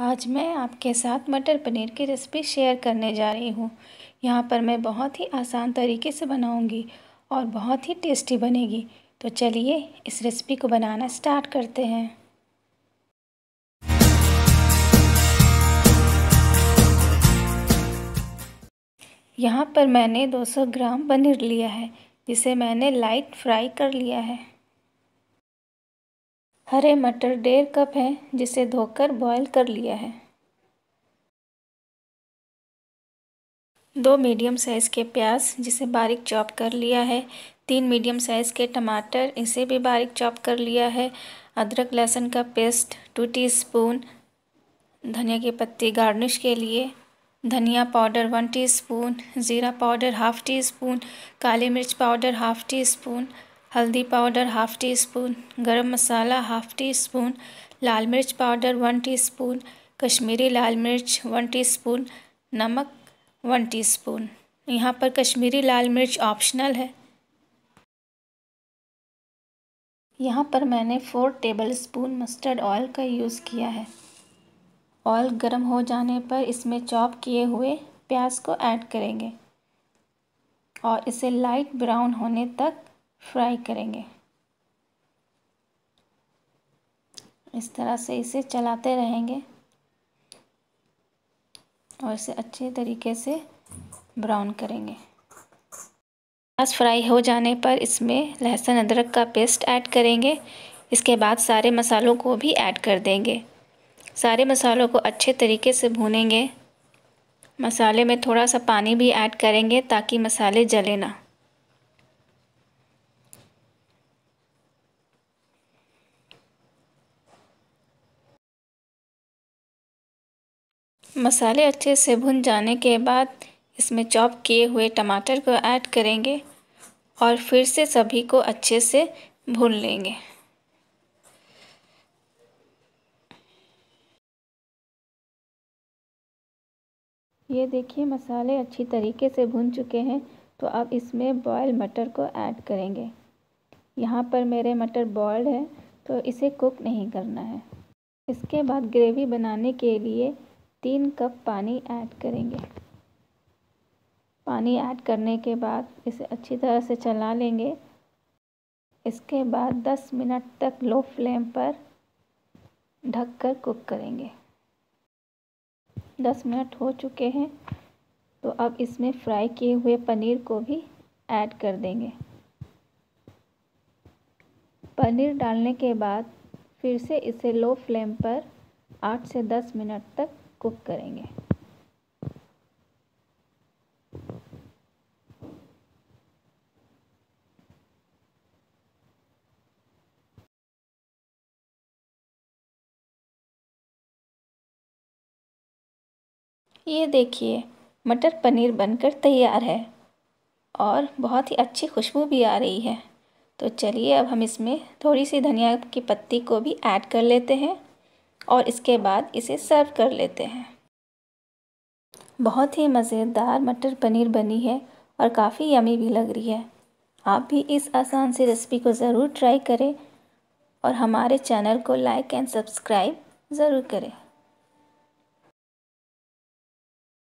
आज मैं आपके साथ मटर पनीर की रेसिपी शेयर करने जा रही हूँ यहाँ पर मैं बहुत ही आसान तरीके से बनाऊँगी और बहुत ही टेस्टी बनेगी तो चलिए इस रेसिपी को बनाना स्टार्ट करते हैं यहाँ पर मैंने 200 ग्राम पनीर लिया है जिसे मैंने लाइट फ्राई कर लिया है हरे मटर डेढ़ कप है जिसे धोकर बॉईल कर लिया है दो मीडियम साइज़ के प्याज जिसे बारीक चॉप कर लिया है तीन मीडियम साइज़ के टमाटर इसे भी बारीक चॉप कर लिया है अदरक लहसुन का पेस्ट टू टीस्पून धनिया की पत्ती गार्निश के लिए धनिया पाउडर वन टीस्पून ज़ीरा पाउडर हाफ़ टी स्पून काली मिर्च पाउडर हाफ़ टी स्पून हल्दी powder half teaspoon garam masala half teaspoon लाल मिर्च powder one teaspoon Kashmiri लाल मिर्च वन टी स्पून नमक वन टी स्पून यहाँ पर कश्मीरी लाल मिर्च ऑप्शनल है यहाँ पर मैंने four tablespoon mustard oil का यूज़ किया है ऑयल गर्म हो जाने पर इसमें चॉप किए हुए प्याज को ऐड करेंगे और इसे लाइट ब्राउन होने तक फ्राई करेंगे इस तरह से इसे चलाते रहेंगे और इसे अच्छे तरीके से ब्राउन करेंगे प्याज फ्राई हो जाने पर इसमें लहसुन अदरक का पेस्ट ऐड करेंगे इसके बाद सारे मसालों को भी ऐड कर देंगे सारे मसालों को अच्छे तरीके से भूनेंगे मसाले में थोड़ा सा पानी भी ऐड करेंगे ताकि मसाले जले ना मसाले अच्छे से भुन जाने के बाद इसमें चॉप किए हुए टमाटर को ऐड करेंगे और फिर से सभी को अच्छे से भून लेंगे ये देखिए मसाले अच्छी तरीके से भुन चुके हैं तो अब इसमें बॉयल मटर को ऐड करेंगे यहाँ पर मेरे मटर बॉयल्ड है तो इसे कुक नहीं करना है इसके बाद ग्रेवी बनाने के लिए तीन कप पानी ऐड करेंगे पानी ऐड करने के बाद इसे अच्छी तरह से चला लेंगे इसके बाद 10 मिनट तक लो फ्लेम पर ढककर कुक करेंगे 10 मिनट हो चुके हैं तो अब इसमें फ्राई किए हुए पनीर को भी ऐड कर देंगे पनीर डालने के बाद फिर से इसे लो फ्लेम पर 8 से 10 मिनट तक कुक करेंगे ये देखिए मटर पनीर बनकर तैयार है और बहुत ही अच्छी खुशबू भी आ रही है तो चलिए अब हम इसमें थोड़ी सी धनिया की पत्ती को भी ऐड कर लेते हैं और इसके बाद इसे सर्व कर लेते हैं बहुत ही मज़ेदार मटर पनीर बनी है और काफ़ी यमी भी लग रही है आप भी इस आसान सी रेसिपी को ज़रूर ट्राई करें और हमारे चैनल को लाइक एंड सब्सक्राइब ज़रूर करें